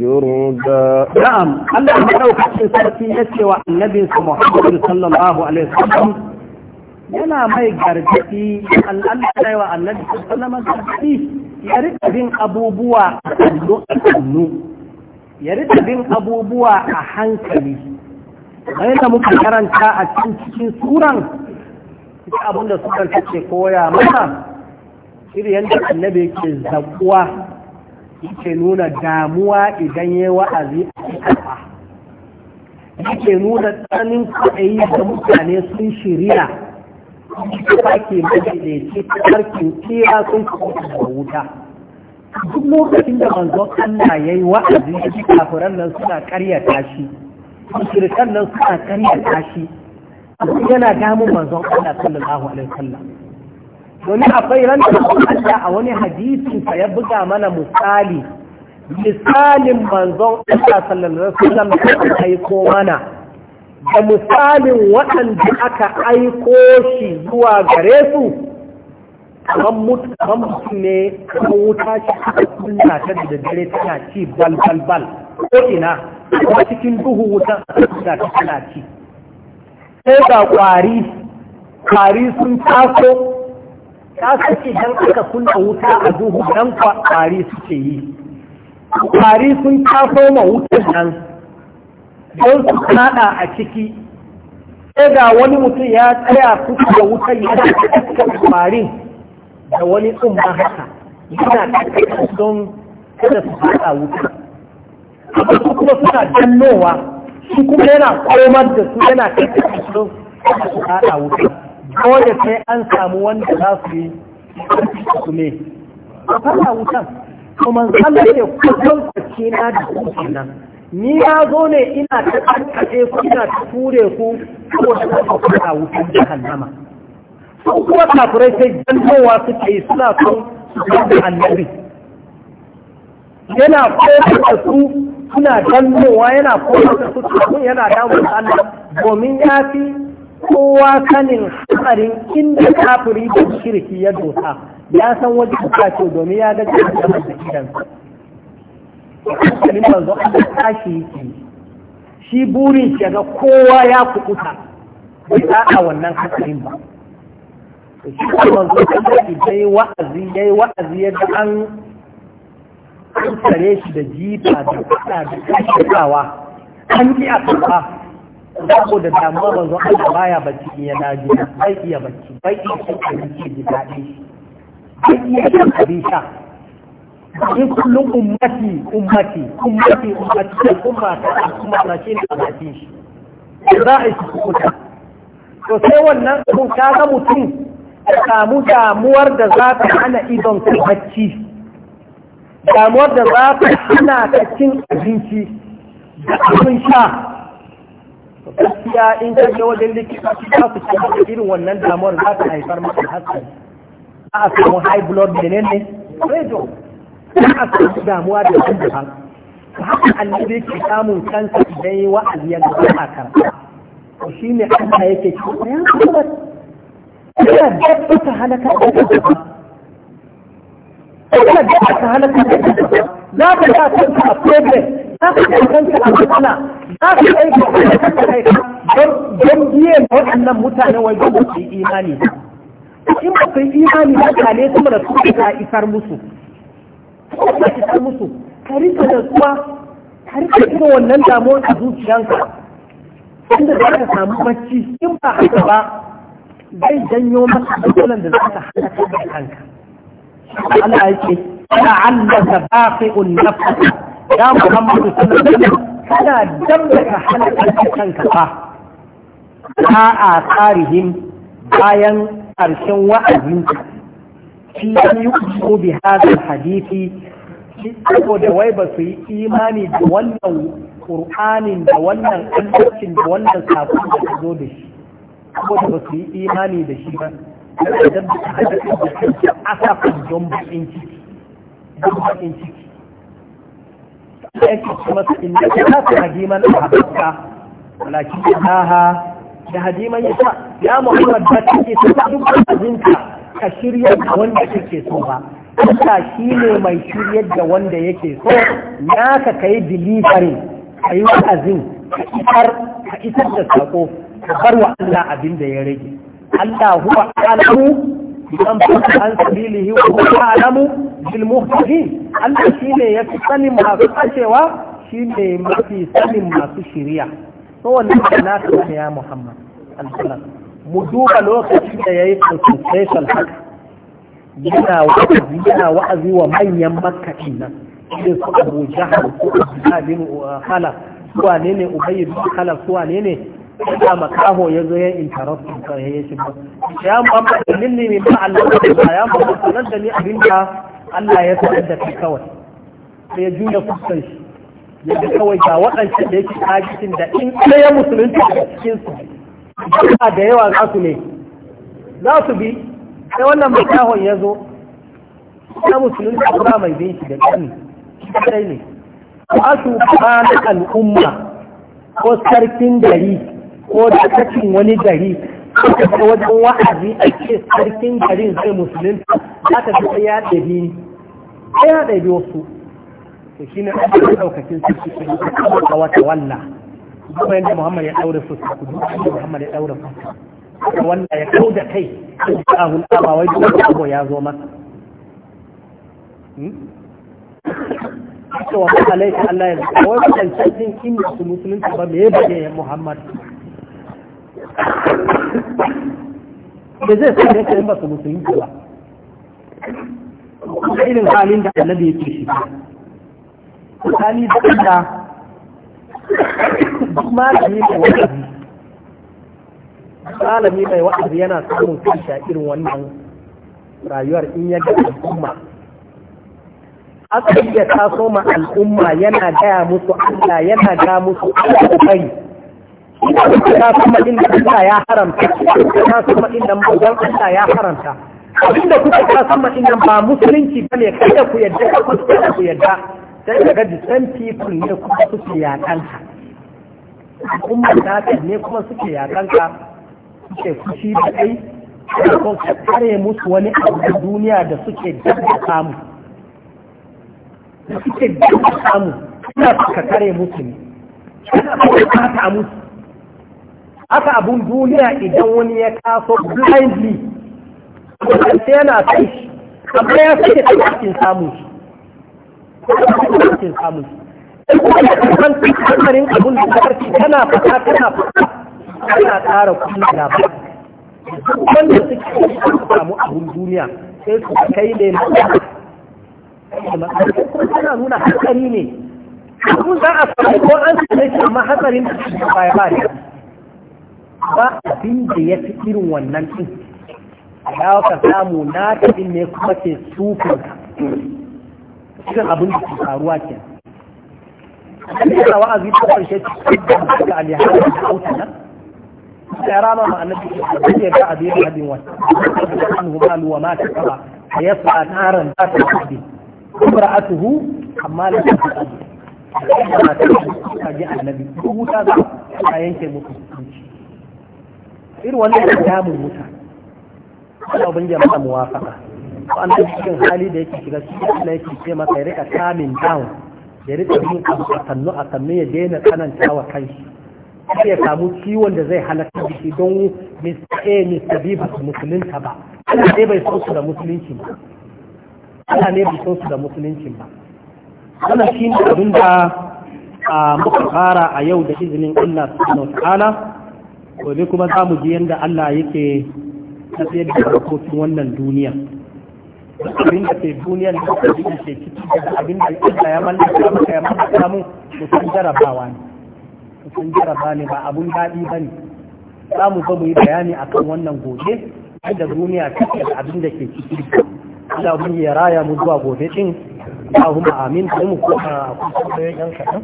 جردا نعم الله يدعوك حسن سلسي يسوى النبي محمد صلى الله عليه وسلم yana mai gargaɗi al'adai wa annabi sallama gargaɗi ya rika bin abubuwa a sannu ya rika bin abubuwa a hankali bayan da muka karanta a cikin suran ita abin da suran ta ce koya mana iri yadda annabi ke zakuwa yake nuna damuwa idan ya wa'azi a cikin yake nuna tsanin kwaɗayi da mutane sun shirya ta ke mace da ta tsarkin kira sun kawo da wuta duk lokacin da manzon Allah ya yi wa'azi shi kafiran nan suna karyata shi shirkan nan suna karyata shi yana damun manzon Allah sallallahu alaihi wasallam domin akwai ran da Allah a wani hadisin sa ya buga mana misali misalin manzon Allah sallallahu alaihi wasallam da aiko mana da misalin waɗanda aka aiko shi zuwa gare su kamar mutum ne kamar wuta ce aka kunna ta da dare tana ci bal bal bal ko ina kuma cikin duhu wuta aka ta tana ci sai ga kwari kwari sun taso ta suke dan aka kunna wuta a duhu dan kwari suke yi kwari sun taso ma wutan nan don su kada a ciki sai ga wani mutum ya tsaya kusa da wutan ya da kwarin da wani ɗin ba haka yana da don kada su fada wuta amma su kuma suna dannowa su kuma yana komar da su yana kai don kada su fada wuta dole sai an samu wanda za su yi su ne a fada wutan kuma zalla ne kusan kwace na da kusan nan ni ya zo ne ina ta karkace ku ina ta ture ku saboda za ku fada wutan nama. sun kuma kafirai sai jantowa suke yi suna son da annabi yana da su suna jantowa yana da su tukun yana damun Allah domin ya fi kowa sanin hatsarin inda kafiri da shirki ya dota ya san wajen kace domin ya da jama'a da idansa hankalin manzo Allah tashi yake shi burin shi ga kowa ya kukuta bai a wannan hankalin ba shi kuma manzo Allah ya wa'azi yayi wa'azi yadda an kare shi da jifa da fada da kashirawa an ji a karɓa da damuwa manzo Allah baya bacci in ya daji bai iya bacci bai iya cin abinci ji daɗi bai iya cin abin sha in kullum ummati ummati ummati ummati da kuma ta al'umma na shi ne a bakin shi za a yi su kuta to sai wannan abin ka ga mutum ka samu damuwar da za ta hana idon ka bacci damuwar da za ta hana ka cin abinci da abin sha gaskiya in ka ke wajen likita su ta su haka irin wannan damuwar za ta haifar maka hatsari za a samu high blood ne ne radio za a samu damuwa da sun daban haka annabi ke samun kansa idan yi wa'azi ya ba a karɓa shi ne Allah yake cikin ya kuma Ina dabba ta halaka da kanka kana dabba ta halaka da za ka sa kanka a problem za ka sa kanka a matsala za ka kai ka kanka kai don biye waɗannan mutane wai don su yi imani in ba su yi imani ba ka ne kuma da su ka isar musu ka isar musu ka rika da suwa ka rika irin wannan damuwar a zuciyarka, inda za ka samu bacci in ba haka ba bai janyo maka matsalan da za ka halaka da kanka Allah ya ce la'allaka baqi'un nafsaka ya Muhammadu sallallahu alaihi wasallam kana dabda ka halaka da kanka fa a tarihin bayan ƙarshen wa'azinka shi an yi ko bi hadal hadisi shi saboda wai ba su yi imani da wannan ƙur'anin da wannan annabcin da wannan sakon da ta zo da shi saboda ba wasu yi imani da shi ba Kuma idan da hada da kanki asafin don bakin ciki don bakin ciki yake masa su inda ta kasa hadiman a haɓaka walakin ya ha da hadiman ya sa ya muhammad ba ta ke ta duk azinka ka shirya da wanda kake so ba Allah shi ne mai shiryar da wanda yake so Ya ka kai delivery a yi wa'azin ka isar da sako ka bar wa Allah abin da ya rage Allah huwa alamu bidan fata an sabilihi wa huwa alamu bil muhtadin Allah shi ne ya fi sanin masu kacewa shine mafi sanin masu shiriya to wannan na ta ya Muhammad sallallahu mu duba lokacin da yayi consultation haka yana wa'azi wa manyan makka nan irin su abu jahar su abin uh, khalaf hala wane ne ubayy bin khalaf su wane ne da makaho ya zo ya interrupt ka ya shi ba ya muhammad minni min ba Allah ba ya ba. sanar da ni abin da Allah ya sa da kai kawai sai ya juya fuskan shi yadda kawai ga waɗancan da yake tajikin da in ɗaya musulunci a cikin su da yawa za su ne za su bi sai wannan makahon ya zo na musulunci ba mai bin shi da ƙani kai ne a kwanan al'umma ko sarkin gari ko da kakin wani gari ko wajen wa'azi a ce sarkin garin zai musulun za ta fi ya ɗabi ni sai ya ɗabi wasu to shine an yi ɗaukacin sarki ke yi kama da wata walla kuma yadda muhammad ya ɗaure fuska ku duk yadda muhammad ya ɗaure fuska da wanda ya kau da kai a hulɗa ba wai duk abu ya zo masa hmm? ake wa kuma Allah ya zaka wai kudancan din kin da su musulunci ba me bage ya Muhammad da zai sa yake in ba su musulunci ba irin halin da annabi ke shi kusani da da malami mai wa'azi malami mai wa'azi yana samun kanshi a irin wannan rayuwar in ya ga al'umma aka iya taso ma al'umma yana gaya musu Allah yana ga musu Allah da kai ta kuma inda Allah ya haramta ta kuma inda manzon Allah ya haramta inda kuka ta sama inda ba musulunci bane kada ku yadda kada ku yadda sai daga the same people ne kuma suke yakanka al'umma ta ne kuma suke yakanka suke kushi da kai ko kare musu wani abu duniya da suke da samu da suke da samu suna ka kare musu ne suna bukata musu aka abun duniya idan wani ya kaso blindly sai yana kai shi amma ya sai da cikin samu cikin samu shi. kuma da kan hankalin abun da karfi tana fata tana fata tana ƙara kuma da ba wanda suke samu abun duniya sai su kai ne na ana nuna hatsari ne abun za a faru ko an same shi amma hatsarin ba ya ba ba abin da ya fi irin wannan ɗin ya ka samu na taɓin ne kuma ke sufin cikin abin da ke faruwa ke da wa'azi ta ƙarshe cikin da alihari da auta nan سيرانا مع النبي الذي جاء به ya a ta امرأته حمالة الحطب ما تجي النبي هو تابع a yanke musu hukunci irin wannan da damun mutane Allah ubin jama'a muwafaka ko an tafi cikin hali da yake shiga cikin Allah yake ce masa ya rika kamin down ya rika yin abu a sannu a sannu ya daina tsananta wa kanshi sai ya samu ciwon da zai halaka da shi don Mr. A Mr. B ba su musulunta ba Allah dai bai so su da musulunci ba Allah ne bai so su da musulunci ba Ana shi ne abin da muka fara a yau da izinin Allah subhanahu ta'ala gobe kuma za mu ji yadda Allah yake tafiyar da harkokin wannan duniya abin da ke duniyar da ke ke ciki daga abin da Allah ya mallaka maka ya mallaka mu musan jarabawa ne musan jaraba ne ba abun daɗi ba ne za mu ba mu yi bayani akan wannan gobe yadda duniya take da abin da ke ciki Allah mun ya raya mu zuwa gobe din Allahumma amin sai mu ko a kusa yan kaɗan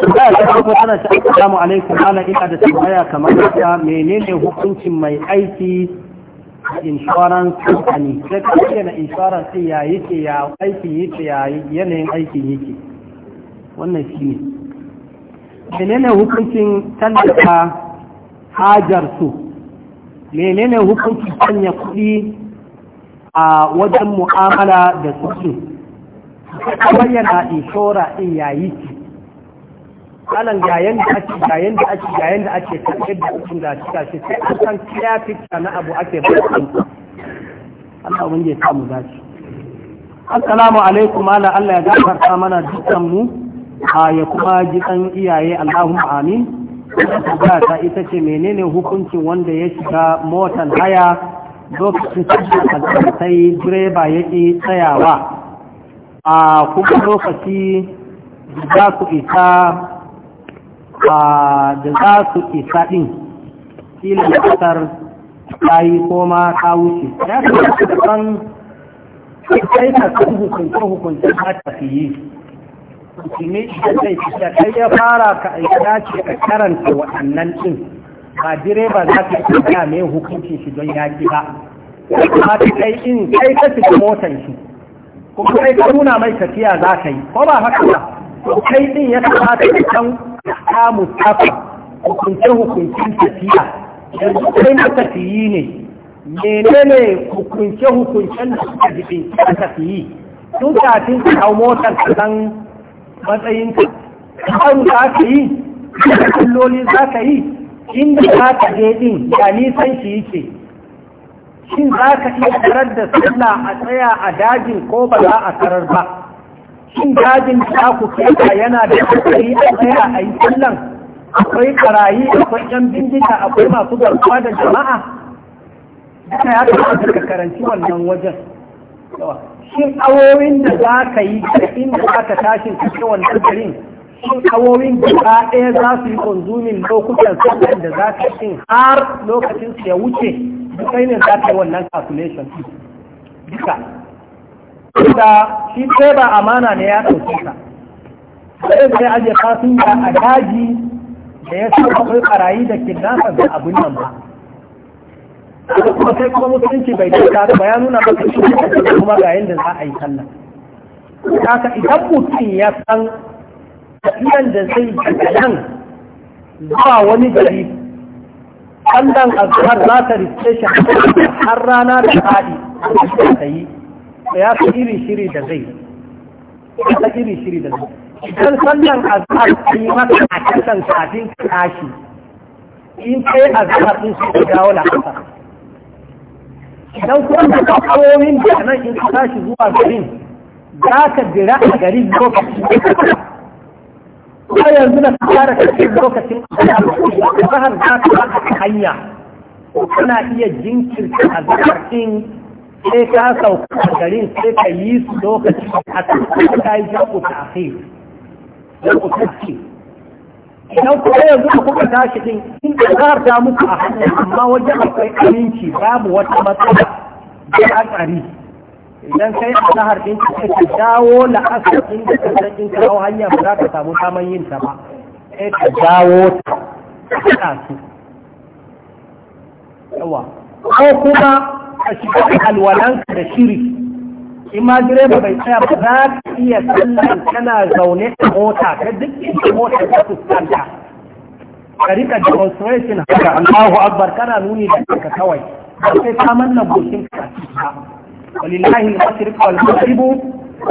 tambaya ta assalamu alaikum ana ina da tambaya kamar ta menene hukuncin mai aiki da insurance company sai ka bayyana insurance din ya yake ya aikin yake ya yanayin aikin yake wannan shi ne menene hukuncin tallata hajar su menene hukuncin sanya kuɗi a wajen mu'amala da su ka bayyana inshora din ya yake alan ga da ake ga da ake ga da ake da da cika shi sai an san clear picture na abu ake bayyana Allah mun ya samu dace assalamu alaikum ala Allah ya gafarta mana dukkan mu a ya kuma ji dan iyaye Allahumma amin da ta ita ce menene hukuncin wanda ya shiga motar haya lokacin da sai direba yake tsayawa a kuma lokaci za ku isa da za su isa ɗin filin ƙasar ta yi koma ta wuce ya kamata da san sai ka san hukunce-hukuncen ta tafiye ne da zai fi kai ya fara ka aika ce ka karanta waɗannan ɗin ba direba za ka yi ya mai hukuncin shi don yaƙi ba ba ta kai in kai ka fi motan shi kuma kai ka nuna mai tafiya za ka yi ko ba haka ba kai ɗin ya kamata ka san ahkamu safa hukunce hukuncin tafiya yanzu kai tafiyi ne menene hukunce hukuncen da suka a matafiyi tun kafin ka hau motar ka zan matsayinka karu za ka yi kulloli za ka yi inda za ka je din ya nisan shi yake shin za ka iya tarar da sallah a tsaya a dajin ko ba za a tarar ba shin dajin da ku keta yana da kokari a tsaya a yi sallan akwai karayi akwai yan bindiga akwai masu garkuwa da jama'a duka ya kamata da karanci wannan wajen shin awowin da za ka yi da inda za ka tashi su ce wannan garin shin awowin gaba ɗaya za su yi konzumin lokutan sallan da za ka yi har lokacin su ya wuce duka ne za ka yi wannan calculation duka da shi sai ba amana ne ya ɗauke ka sai sai aje a daji da ya sa akwai ƙarayi da kidnapper da abin nan ba da kuma sai kuma musulunci bai dauka ba ya nuna ba shi kuma ga yadda za a yi sallah kaka idan mutum ya san tafiyan da zai daga nan zuwa wani gari sallan azhar za ta riske shi har rana da da ta yi ya fi irin shiri da zai ya fi irin shiri da zai idan azhar ta yi maka a kasan kafin ka in kai azhar din su ka dawo na kasa idan kuma da kawoyin da nan in ka tashi zuwa garin za ka jira a garin lokacin ko yanzu da fara kafin lokacin azhar za ka hanya kana iya jinkirta azhar din sai ka sauka garin sai ka yi su lokaci a ta yi jaku ta akhir da ta akhir idan kuma yanzu kuka tashi din in ka ta muku a hannu amma wajen akwai aminci babu wata matsala da hatsari idan kai a zahar din ka ka dawo la'asar din da ka san in kawo hanya ba za ka samu saman yin ta ba sai ka dawo ta ka su yawa ko kuma a shiga alwalanka da shiri in ma direba bai tsaya ba za ka iya sallan tana zaune a mota ta duk inda mota ta fuskanta ka rika demonstration haka Allahu Akbar kana nuni da kanka kawai sai ka manna goshin ka walillahi al-mashriq wal maghrib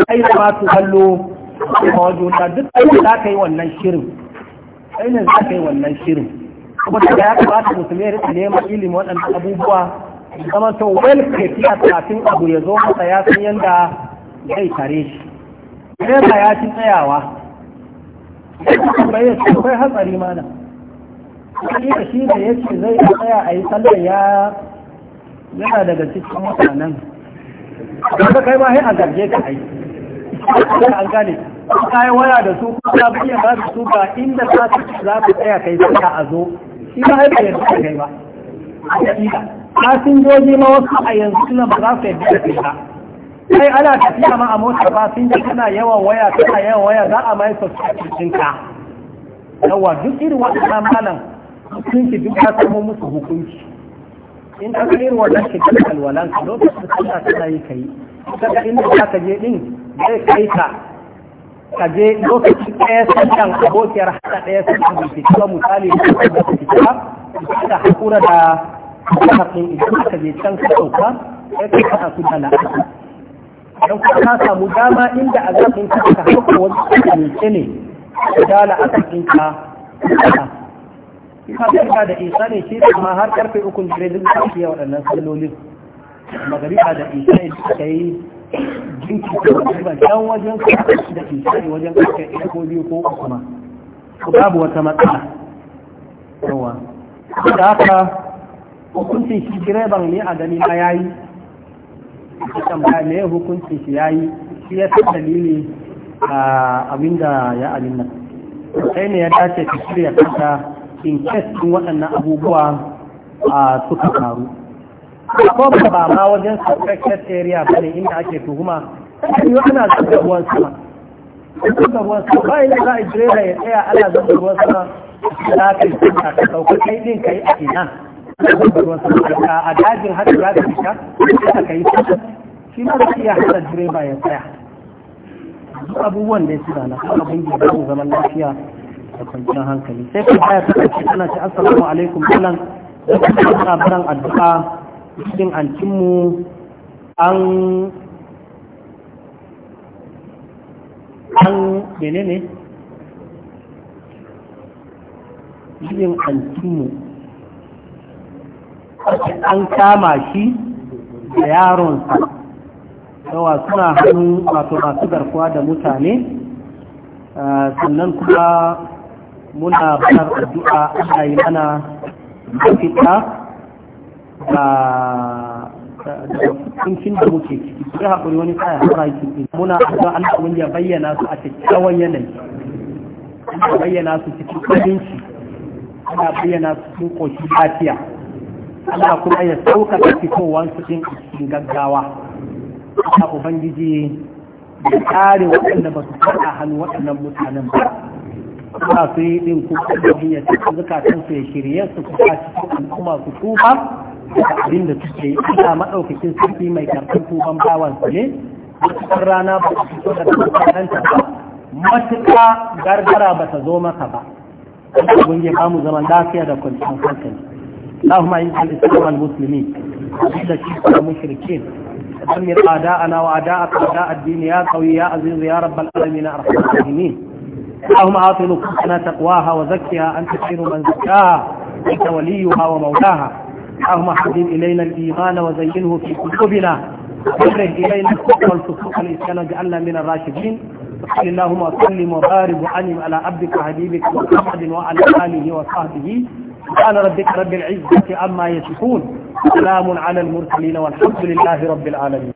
aina ma tuhallu kuma wajuna duk ainihin za ka yi wannan shirin ne za ka yi wannan shirin kuma da ya kamata mutum ya rika neman ilimin waɗannan abubuwa zama to wel tafiya tafin abu ya zo masa ya san yadda zai tare shi ba ya ci tsayawa bayan akwai hatsari mana da shi da ya ce zai tsaya a yi sallar ya yana daga cikin mutanen wanda kai ma sai a zarge ka ai an gane ka yi waya da su kuma biya ba da su ba inda za su za ka tsaya kai sai a zo shi ba haifar da kai ba a fasinjoji ma wasu a yanzu suna ba za su yadda da ba kai ana tafiya ma a mota fasinja tana yawan waya tana yawan waya za a mai sosai ka. yawa duk irin waɗannan malam hukunci duk ya samu musu hukunci in ka irin shekar alwalan ka lokacin sallah tana yi ka yi daga inda za ka je ɗin zai kai ka ka je lokacin ɗaya sanyan abokiyar haɗa ɗaya sanyan da ke cewa misali da ta fita da haƙura da haƙin idan ka je can ka sauka sai ka haɗa su da la'akari don ka samu dama inda a zafin ka ka hauka wani kamice ne da la'akarin ka ka ka da isa ne shi amma har karfe ukun jire duk da fiye waɗannan sallolin magariba da isa ne suka yi jinki da ba can wajen karfe da isa ne wajen karfe ɗaya ko biyu ko kuma. ma babu wata matsala yawa da haka hukuncin shi direban ne a gani na yayi kan ba me hukuncin shi yayi shi ya ta dalili a abinda ya alinna sai ne ya dace ka shirya kanka in kestin waɗannan abubuwa a suka faru ko ba ma wajen suspected area ba ne inda ake tuhuma yi ana zuba ruwan sama zuba ruwan sama ba ina za a direba ya tsaya ana zuba ruwan sama za ka yi ka sauka kai ɗin ka yi a ina a dajin haka za ka fita aka kai shi ma zai iya hada direba ya tsaya duk abubuwan da ya ci na kuma abin da ya zaman lafiya da kwanciyar hankali sai ka baya ta kace tana ce assalamu alaikum kullum da kuma tsabaran addu'a cikin antinmu an an menene cikin antinmu an kama shi da yaronsa yawa suna hannun wato masu garkuwa da mutane ah, sannan kuma muna bar addu'a ana yi mana mafita da kuncin da muke ciki su haƙuri wani kaya hara ciki muna addu'a an abin ya bayyana su a cikin yanayi ya bayyana su cikin abinci ana bayyana su cikin ƙoshin lafiya Allah kuma ya da fitowar su din cikin gaggawa Allah ubangiji ya tsari waɗanda ba su faɗa hannu waɗannan mutanen ba ba su yi ɗin kuma da hanyar cikin zukatan su ya shirye su kuma cikin al'umma su tuba da abin da suke yi Allah maɗaukakin sarki mai karɓar tuban su ne matuƙar rana ba su fito daga mutanenta ba matuƙa gargara ba ta zo maka ba. ya ba mu zaman lafiya da kwanciyar hankali. اللهم اعز الاسلام والمسلمين الشرك المشركين دمر اعداءنا واعداءك اعداء الدين يا قوي يا عزيز يا رب العالمين يا ارحم الراحمين اللهم اعط نفوسنا تقواها وزكها انت خير من زكاها انت وليها ومولاها اللهم حبب الينا الايمان وزينه في قلوبنا وكره الينا الكفر والفسوق والعصيان واجعلنا من الراشدين صل اللهم وسلم وبارك وعلم على عبدك وحبيبك محمد وعلى اله وصحبه سبحان ربك رب العزة عما يصفون سلام على المرسلين والحمد لله رب العالمين